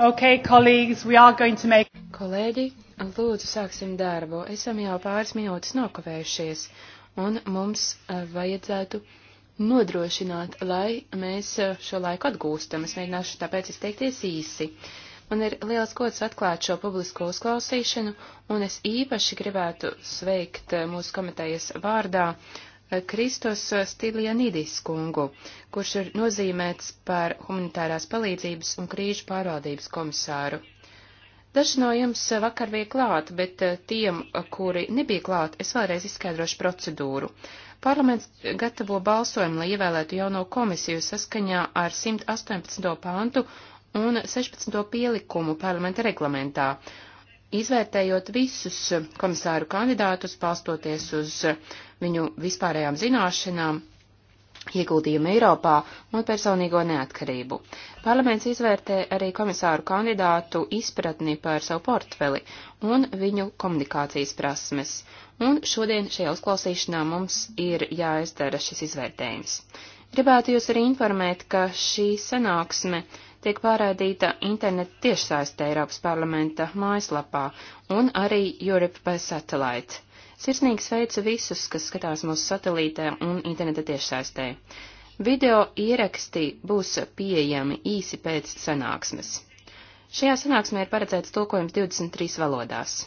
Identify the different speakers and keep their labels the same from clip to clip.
Speaker 1: Okay, colleagues, we are going to make... Kolēģi, lūdzu, sāksim darbu. Esam jau pāris minūtes nokavējušies, un mums eh, vajadzētu nodrošināt, lai mēs eh, šo laiku atgūstam. Es mēģināšu tāpēc izteikties īsi. Man ir liels gods atklāt šo publisko uzklausīšanu, un es īpaši gribētu sveikt eh, mūsu komitejas vārdā Kristos Stilianidis kungu, kurš ir nozīmēts par humanitārās palīdzības un krīžu pārvaldības komisāru. Daži no jums vakar bija klāt, bet eh, tiem, kuri nebija klāt, es vēlreiz izskaidrošu procedūru. Parlaments gatavo balsojumu, lai ievēlētu jauno komisiju saskaņā ar 118. pāntu un 16. pielikumu parlamenta reglamentā, izvērtējot visus komisāru kandidātus, palstoties uz viņu vispārējām zināšanām, ieguldījumu Eiropā un personīgo neatkarību. Parlaments izvērtē arī komisāru kandidātu izpratni par savu portfeli un viņu komunikācijas prasmes, un šodien šajā uzklausīšanā mums ir jāizdara šis izvērtējums. Gribētu jūs arī informēt, ka šī sanāksme uh, tiek pārādīta interneta tiešsaistē Eiropas parlamenta mājaslapā un arī Europe by Satellite. Sirsnīgi sveicu visus, kas skatās mūsu satelītē un interneta tiešsaistē. Video ieraksti būs pieejami īsi pēc sanāksmes. Šajā sanāksmē ir paredzēts tulkojums 23 valodās.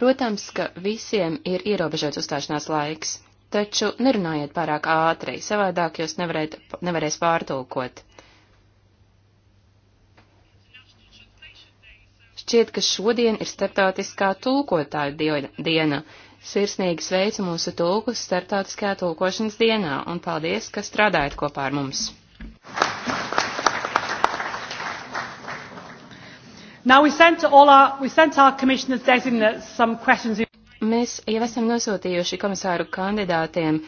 Speaker 1: Protams, ka visiem ir ierobežots uzstāšanās laiks, taču nerunājiet pārāk ātri, savādāk jūs nevarēt, nevarēs pārtulkot. Šķiet, ka šodien ir starptautiskā tulkotāja diena. Sirsnīgi sveicu mūsu tulkus starptautiskajā tulkošanas dienā un paldies, ka strādājat kopā ar mums. Our, Mēs jau esam nosūtījuši komisāru kandidātiem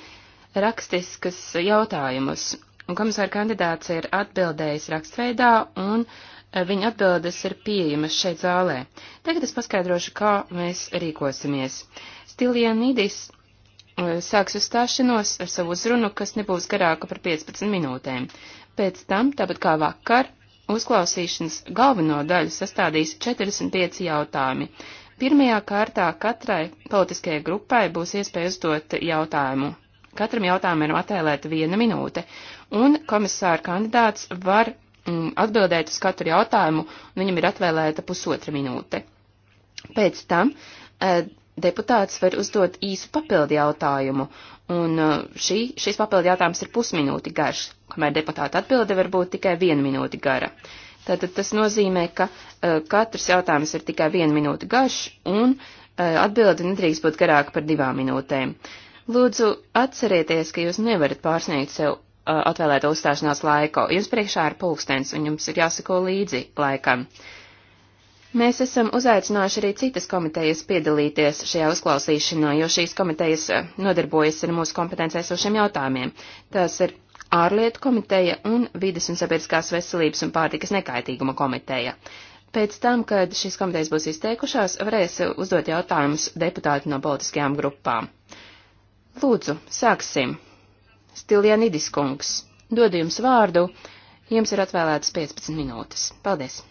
Speaker 1: rakstiskas jautājumus, un komisāra kandidāts ir atbildējis rakstveidā un uh, Viņa atbildes ir pieejamas šeit zālē. Tagad es paskaidrošu, kā mēs rīkosimies. Stilija Nīdis eh, sāks uzstāšanos ar savu uzrunu, kas nebūs garāka par 15 minūtēm. Pēc tam, tāpat kā vakar, uzklausīšanas galveno daļu sastādīs 45 jautājumi. Pirmajā kārtā katrai politiskajai grupai būs iespēja uzdot jautājumu. Katram jautājumam ir atēlēta viena minūte, un komisāra kandidāts var Mm, atbildēt uz katru jautājumu, un viņam ir atvēlēta pusotra minūte. Pēc tam e, deputāts var uzdot īsu papildu jautājumu, un e, šī, šis papildu jautājums ir pusminūti garš, kamēr deputāta atbilde var būt tikai viena minūte gara. Tātad tas nozīmē, ka uh, katrs jautājums ir tikai viena minūte garš, un uh, atbilde nedrīkst būt garāka par divām minūtēm. Lūdzu, atcerieties, ka jūs nevarat pārsniegt sev Uh, atvēlēto uzstāšanās laiku. Jums priekšā ir pulkstens, un jums ir jāsako līdzi laikam. Mēs esam uzaicinājuši arī citas komitejas piedalīties šajā uzklausīšanā, jo šīs komitejas uh, nodarbojas ar mūsu kompetencēsošiem jautājumiem. Tas ir ārlietu komiteja un vides un sabiedriskās veselības un pārtikas nekaitīguma komiteja. Pēc tam, kad šīs komitejas būs izteikušās, varēs uzdot jautājumus deputāti no politiskajām grupām. Lūdzu, sāksim! Stilianidis kungs, dodu jums vārdu, jums ir atvēlētas 15 minūtes. Paldies!